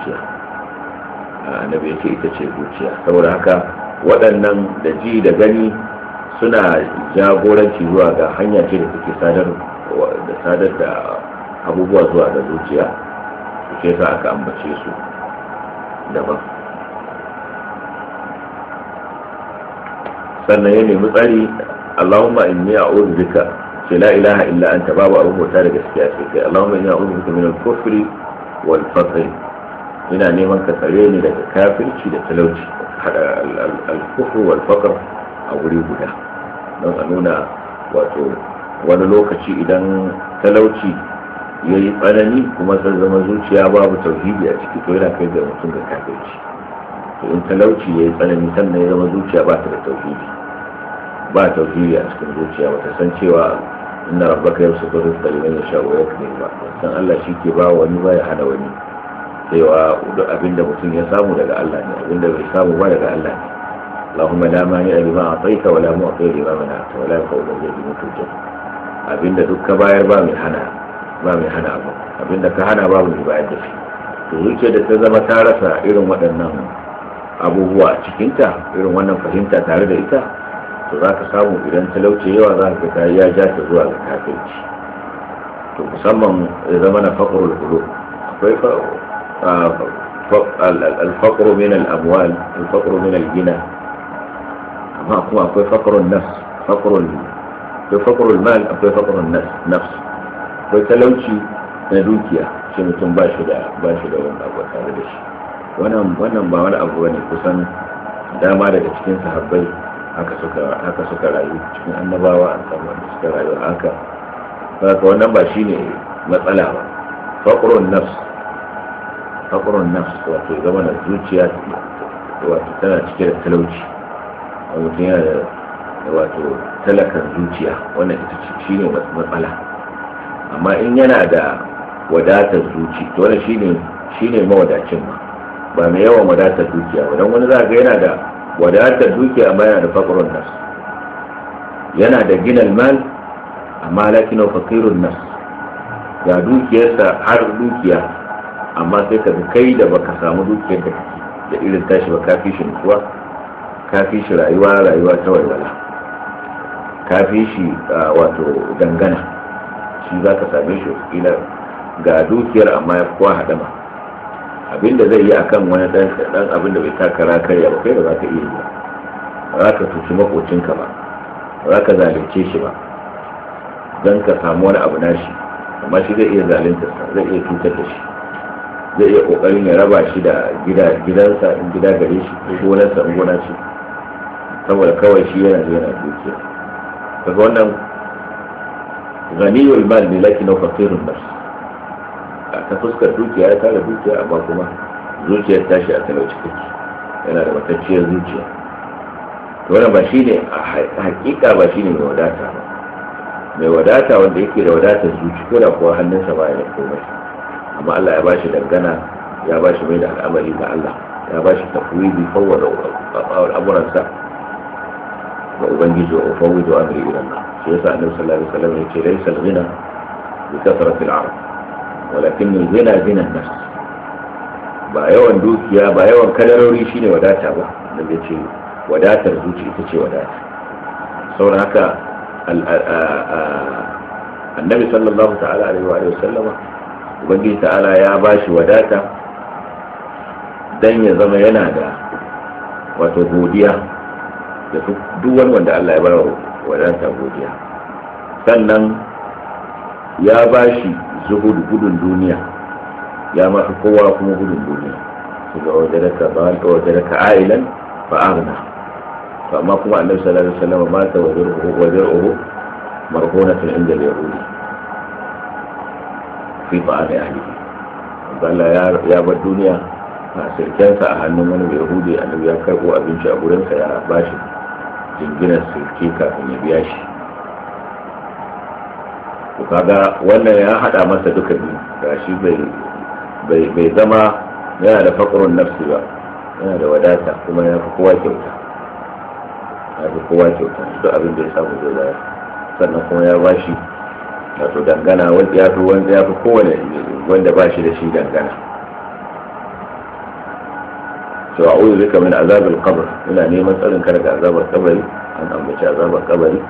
zuciya annabi ya ce ita ce zuciya saboda haka waɗannan da ji da gani suna jagoranci zuwa ga hanya ce da take sadar da sadar da abubuwa zuwa ga zuciya su ce sa aka ambace su daban sannan ya nemi tsari allahumma inni a'udhu bika ce la ilaha illa anta babu abin bauta da gaskiya sai kai allahumma inni a'udhu bika min al-kufri wal fasl ina neman ka tsare ni daga kafirci da talauci hada al-kufru wal faqr a wuri guda don a nuna wato wani lokaci idan talauci ya yi tsanani kuma sai zama zuciya babu tauhidi a ciki to yana kai ga mutum ga kafirci to in talauci ya yi tsanani sannan ya zama zuciya ba ta da tauhidi ba tauhidi a cikin zuciya ba ta san cewa inna rabbaka yabsutu rizqa liman yasha'u wa yaqdir ba san Allah shi ke ba wani ba ya hana wani cewa duk abinda mutum ya samu daga Allah ne abinda bai samu ba daga Allah ne اللهم لا مانع لما أعطيت ولا معطي لما منعت ولا ينفع ذا الجد منك abin abinda duk ka bayar ba mai hana ba mai hana abin abinda ka hana ba mai bayar da shi to zuciya da ta zama ta rasa irin waɗannan abubuwa a cikinta irin wannan fahimta tare da ita to za ka samu idan talauci yawa za ka ta ya ja ta zuwa ga kafirci to musamman ya zama na faƙarul hulu akwai الفقر من الأموال الفقر من الجنى أما أقوى أقوى فقر النفس فقر أقوى فقر المال أقوى فقر mutum ba shi da wani abu tare da shi wannan ba wani abu ne kusan dama daga cikin sahabbai haka suka rayu cikin annabawa an samu wanda suka rayu haka haka wannan ba shine matsala ba faqrun nafs faƙurin nan wato zama da zuciya wato tana cike da talauci a mutum yana da wato talakan zuciya wannan ita ce shi ne matsala amma in yana da wadatar zuci to wani shi ne shi ne mawadacin ma ba mai yawan wadatar dukiya ba don wani za ga yana da wadatar dukiya amma yana da faƙurin nas yana da ginal mal amma lakinau faƙirun nas ga dukiyarsa har dukiya amma sai ka kai da baka samu dukiyar da kake da irin tashi ba ka fi shi nutsuwa ka fi shi rayuwa rayuwa ta walwala ka fi shi wato dangana shi za ka same shi ila ga dukiyar amma ya kowa haɗama abinda zai yi akan wani dan abin da bai taka karya ba kai da za ka iya yi ba za ka tuci makocinka ba ba za ka zalunce shi ba don ka samu wani abu nashi amma shi zai iya zalunta zai iya cutar da shi zai iya kokarin ya raba shi da gida gidansa in gida gare shi ko gonarsa in gona ce saboda kawai shi yana da yana dukiya daga wannan ganiyar mal ne laki na fakirun nas ta fuskar dukiya ya tara dukiya amma kuma zuciyar tashi a talauci kake yana da matacciyar zuciya to wannan ba shine hakika ba shine mai wadata ba mai wadata wanda yake da wadatar zuci ko da kuwa hannunsa ba ya komai amma Allah ya bashi dangana ya bashi mai da al'amari ga Allah ya bashi tafwidi fawwada al'amuransa ga ubangiji wa fawwidu amri ila Allah shi yasa annabi sallallahu alaihi wasallam yace laysa al-ghina bi kasrati al-arab walakin al-ghina ghina an-nafs ba yawan dukiya ba yawan kadarori shine wadata ba annabi yace wadatar zuci ita ce wadata saboda haka annabi sallallahu ta'ala alaihi wa sallama ubangiji ta'ala ya ba shi wadata don ya zama yana da wato godiya da duk wani wanda Allah ya bawa wadata godiya sannan ya ba shi zuhudu gudun duniya ya mafi kowa kuma gudun duniya su ga wajaraka ba ga wajaraka ailan fa agna to amma kuma annabi sallallahu alaihi wasallam ba ta wajarhu wajarhu marhunatun inda yahudi a fa'ada Allah ya bar duniya a sirkensa a hannun wani yahudi a ya karɓo abinci a gurinsa ya bashi jinginar sirki kafin ya biya shi Ku kaga wannan ya haɗa masa duka biyu gashi bai bai zama yana da fakrun nafsi ba yana da wadata kuma ya fi kowa kyauta ya fi kowa kyauta duk abin da ya samu zai sannan kuma ya bashi wato dangana wanda ya fi wanda ya fi kowane wanda ba shi da shi dangana to a uzu bika min azabil qabr ina neman tsarin ka azabar kabari an ambaci azabar kabari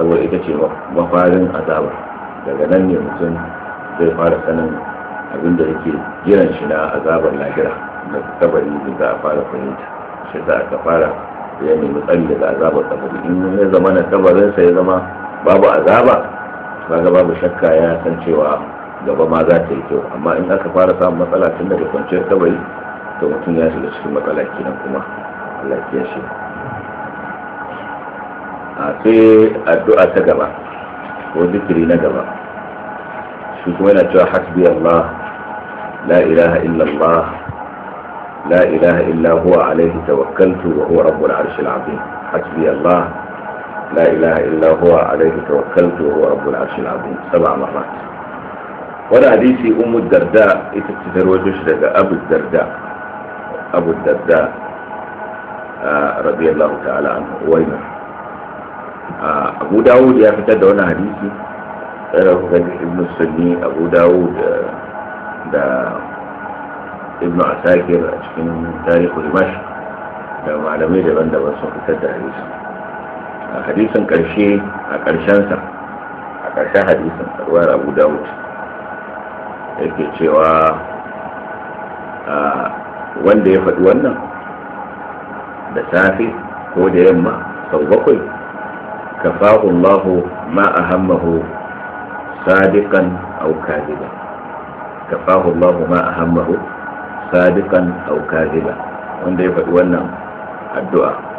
saboda ita ce mafarin azaba daga nan ne mutum zai fara sanin abin da yake jiran shi na azabar lahira da kabari da za a fara fahimta shi za a fara ya nemi tsari daga azabar kabari in ya zama na kabarinsa ya zama babu azaba kaga babu shakka ya san cewa gaba ma za ta yi kyau amma in aka fara samun matsala tun daga kwanciyar kabari to mutum ya shiga cikin matsala kenan kuma Allah ya shi a sai addu'a ta gaba ko zikiri na gaba shi kuma yana cewa hasbi Allah la ilaha illa Allah la ilaha illa huwa alaihi tawakkaltu wa huwa rabbul arshil azim hasbi Allah لا إله إلا هو عليه توكلت وهو رب العرش العظيم سبع مرات ولا حديثي أم الدرداء يتكتر وجشدك أبو الدرداء أبو الدرداء آه، رضي الله تعالى عنه ويمر آه، أبو داود يا فتاة دون حديثي ابن السني أبو داود آه، ده ابن عساكر أشكين تاريخ دمشق ده معلمي لبندة بس فتاة حديثي a hadisin karshe a sa a karshen hadisin ruwar abu dawud yake cewa wanda ya faɗi wannan da safe ko da yamma sau bakwai kafahu Allahu ma ahammahu sadiqan aw kadhiba kafahu Allahu ma ahammahu sadiqan aw kadhiba wanda ya faɗi wannan addu'a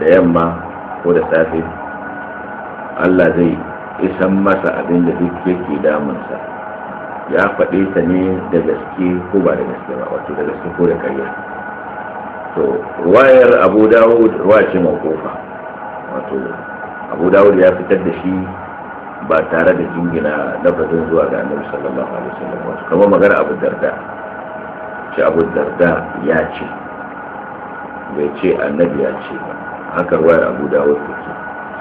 da yamma ko da safe Allah zai isan masa abin da duk yake damunsa ya faɗe ta ne da gaske ko ba da gaske ba wato da gaske ko da ƙarya? to wayar abu dawud ruwa ce makofa wato abu dawud ya fitar da shi ba tare da jingina lafazin zuwa ga annabi sallallahu alaihi wasallam wato kamar magana abu darda ce abu darda ya ce bai ce annabi ya ce ba haka ya abu dawud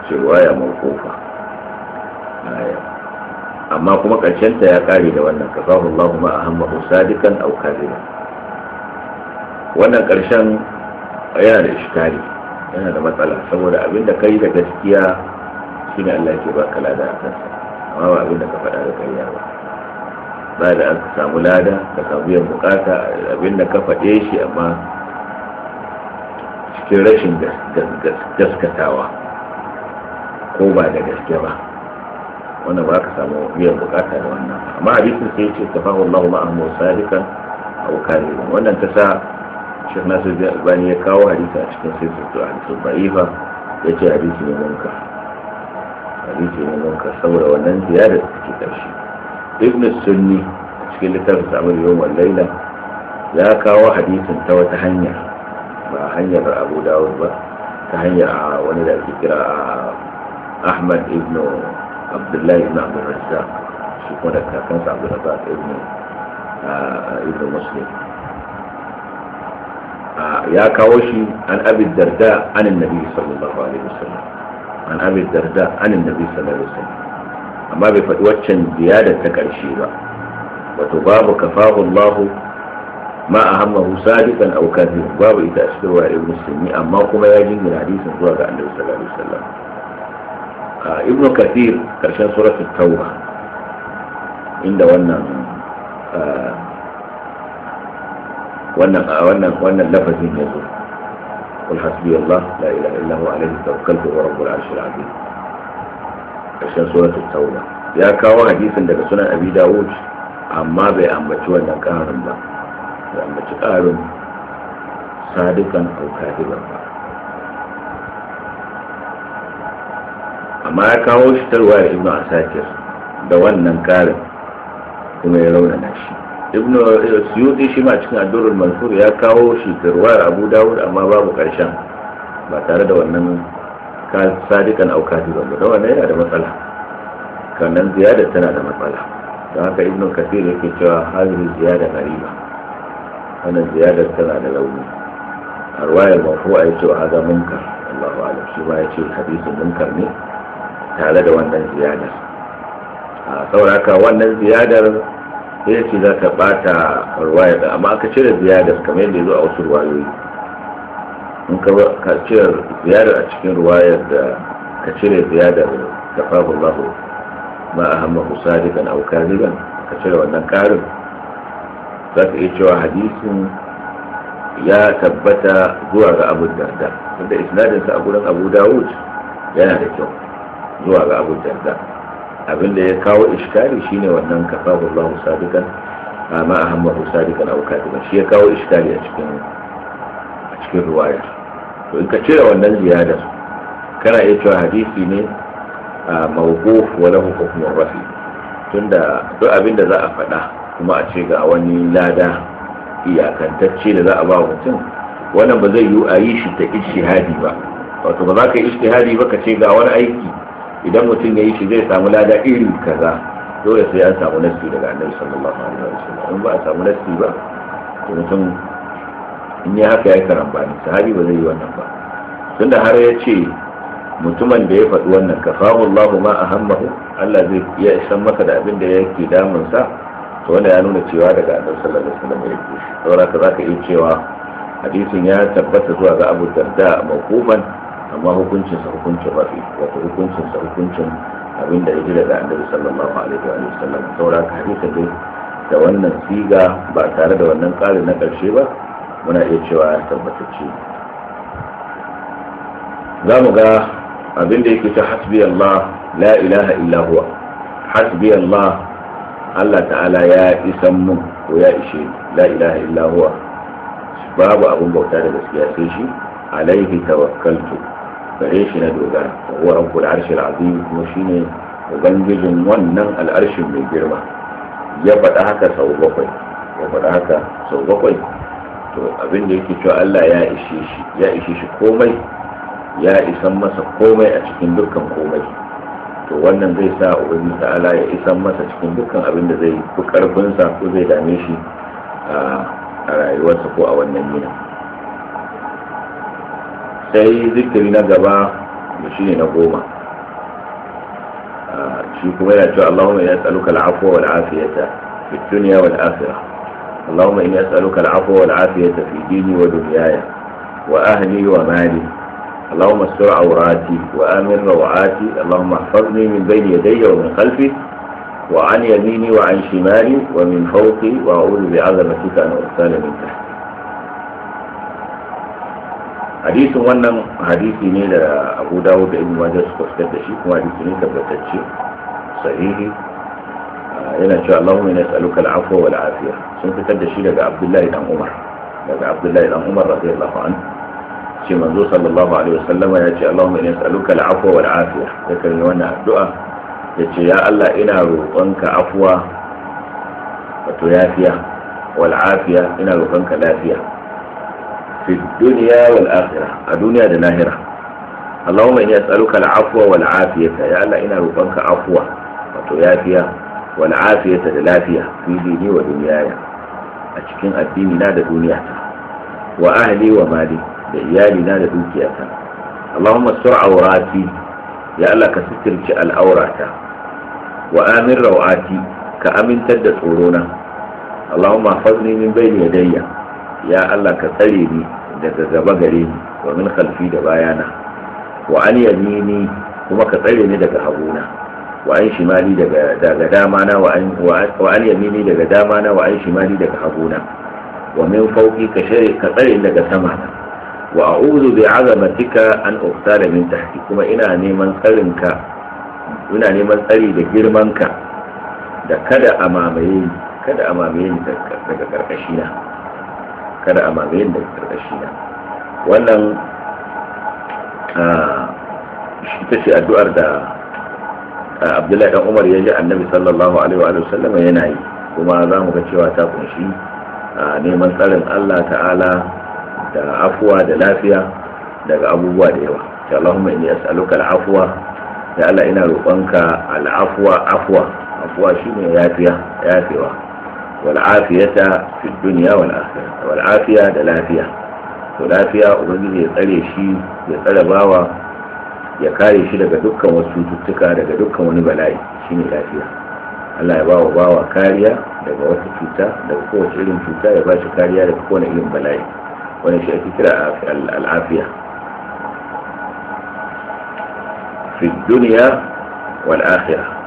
take ce ya mawqufa amma kuma karshen ta ya kare da wannan kafahu Allahu ma ahammahu sadikan aw kadhiban wannan karshen yana da ishikari, yana da matsala saboda abin da kai da gaskiya shine Allah ke baka lada a kansa amma ba abin ka faɗa da kariya ba ba da an samu lada ka samu yin bukata abinda ka faɗe shi amma cikin rashin gaskatawa ko ba da gaske ba wannan ba ka samu biyan bukata da wannan amma hadisin sai ce ta fahu Allahu ma'a musadikan aw kariban wannan ta sa Sheikh Nasir Albani ya kawo hadisi a cikin sai sirrin hadisin ba'ifa yace hadisi ne munka hadisi ne munka saboda wannan ziyarar da suke karshe Ibn Sunni a cikin littafin Sa'amul Yawm wal Laila ya kawo hadisin ta wata hanya ba hanyar abu dawud ba ta hanyar a wani da ake kira a ahmad ibn abdullahi ibn abdul razzaq shi kuma da kakansa abdul razzaq ibn ibn muslim ya kawo shi an abi darda an annabi sallallahu alaihi wasallam an abi darda an annabi sallallahu alaihi wasallam amma bai faɗi waccan ziyadar ta ƙarshe ba wato babu kafahu Allahu ما أهمه سابقا أو كاذبا باب إذا أشتروا ابن السلمي أما كما يجي من حديث سورة النبي صلى الله عليه وسلم آه، ابن كثير كشان سورة التوبة عند ونن آه، ونن آه، ونن ونن لفظ يزور قل حسبي الله لا إله إلا هو عليه توكلت ورب العرش العظيم عشان سورة التوبة يا كاوا حديث عند سنن أبي داود أما بأمتي ونن كهرم الله ya ambaci ƙarin sadukan aukadiban ba amma ya kawo shi talwaya ibn asakir da wannan ƙarin kuma ya raunana shi ibn suyuti shi ma cikin addurul mansur ya kawo shi tarwaya abu dawud amma babu ƙarshen ba tare da wannan sadikan aukadiban ba da wannan yana da matsala kannan ziyada tana da matsala da haka ibn kafir yake cewa haziri ziyada gariba wannan ziyadar tana da launi a ruwayar mafu'a ya ce cewa haga munkar Allahu alam shi ma ya ce hadisi munkar ne tare da wannan ziyadar a sauraka wannan ziyadar sai ce za ta bata ruwayar amma aka cire ziyadar kamar yadda ya zo a wasu ruwayoyi in ka cire ziyadar a cikin ruwayar da ka cire ziyadar da fahu lahu ma a hamma sadiqan aukar kadiban ka cire wannan karin za ka iya cewa hadisin ya tabbata zuwa ga abu darda wanda isnadinsa a gurin abu dawud yana da kyau zuwa ga abu darda abinda ya kawo iskari shine wannan kafahu Allah Sadikan. amma ahammahu Sadikan aw kadiban shi ya kawo iskari a cikin a cikin to in ka cire wannan ziyadar kana iya cewa hadisi ne mawquf wa lahu hukumar rafi tunda duk abinda za a faɗa kuma a ce ga wani lada iyakantacce da za a ba mutum wannan ba zai yi a yi shi ta ishihadi ba wato ba za ka yi ishihadi ba ka ce ga wani aiki idan mutum ya yi shi zai samu lada iri kaza dole sai an samu nasti daga annabi sallallahu alaihi wasallam in ba a samu nasti ba to mutum in ya haka ya karamba ne sahabi ba zai yi wannan ba tunda har ya ce mutumin da ya faɗi wannan kafahu Allahu ma ahammahu Allah zai iya isan maka da abin da yake damun sa to wanda ya nuna cewa daga annabi sallallahu alaihi wasallam ya ce saboda ka zaka iya cewa hadisin ya tabbata zuwa ga Abu Darda mawqufan amma hukuncin sa hukuncin rafi wato hukuncin sa hukuncin abin da yaji daga annabi sallallahu alaihi wasallam saboda ka hadisin dai da wannan siga ba tare da wannan ƙari na ƙarshe ba muna iya cewa ya tabbata ce za mu ga abin da yake ta hasbi la ilaha illa huwa hasbi Allah ta'ala ya isan mun ko ya ishe la ilaha illa huwa babu abun bauta da gaskiya sai shi alaihi tawakkaltu gare shi na dogara wa rabbul arshil azim kuma shine ubangijin wannan al'arshin mai girma ya faɗa haka sau bakwai ya faɗa haka sau bakwai to abin da yake cewa Allah ya ishe shi ya ishe shi komai ya isan masa komai a cikin dukkan komai to wannan zai sa ubangiji ta'ala ya isan masa cikin dukkan abin da zai fi karfinsa ko zai dame shi a rayuwarsa ko a wannan yinin sai zikiri na gaba da shi ne na goma shi kuma yana cewa Allahumma ina tsaluka al'afwa wal afiyata fi dunya wal akhirah Allahumma ina tsaluka al'afwa wal afiyata fi dini wa dunyaya wa ahli wa mali اللهم استر عوراتي وامن روعاتي اللهم احفظني من بين يدي ومن خلفي وعن يميني وعن شمالي ومن فوقي واعوذ بعظمتك ان اغتال من تحتي حديث ون حديث نيل ابو داود بن ماجه سكوت دشي كما حديث نيل تبتشي صحيح آه، ان شاء الله من يسالك العفو والعافيه سنتكلم دشي لابن عبد الله بن عمر لابن عبد الله بن عمر رضي الله عنه ce manzo sallallahu alaihi wasallama ya ce Allahumma inna as'aluka al'afwa wal afiya ya kan yi wannan addu'a ya ce ya Allah ina roƙonka afwa wato yafiya wal afiya ina roƙonka lafiya fi dunya wal akhirah a duniya da lahira Allahumma inna as'aluka al'afwa wal afiyata ya Allah ina roƙonka afwa wato yafiya wal afiyata da lafiya fi dini wa dunyaya a cikin addini na da duniya ta, wa ahli wa mali da iyalina da dukiyata Allahumma sur aurati ya Allah ka sitirci al'aurata wa amin rawati ka amintar da tsorona Allahumma fazni min bayni yadayya ya Allah ka tsare ni daga gaba gare ni wa min khalfi da bayana wa an yamini kuma ka tsare ni daga haguna wa an shimali daga daga dama na wa an wa an yamini daga dama na wa an shimali daga haguna wa min fauki, ka shari ka tsare ni daga sama na wa a'udhu bi 'azamatika an uqtala min tahti kuma ina neman tsarinka ina neman tsari da girmanka da kada a mamaye ni kada a mamaye daga karkashina kada a mamaye ni daga karkashina wannan ita ce addu'ar da abdullahi dan umar ya ji annabi sallallahu alaihi wa sallam yana yi kuma za mu ga cewa ta kunshi neman tsarin allah ta'ala da afuwa da lafiya daga abubuwa da yawa ta Allahumma inni as'aluka al'afwa Ya Allah ina roƙonka al'afwa afwa afwa shine yafiya yafewa wal afiyata fi dunya wal akhirah wal afiya da lafiya to lafiya ubangiji ya tsare shi ya tsare bawa ya kare shi daga dukkan wasu cututtuka daga dukkan wani bala'i shine lafiya Allah ya bawa bawa kariya daga wata cuta daga kowace irin cuta ya ba shi kariya daga kowane irin bala'i ونشأ ونشأتك العافية في الدنيا والآخرة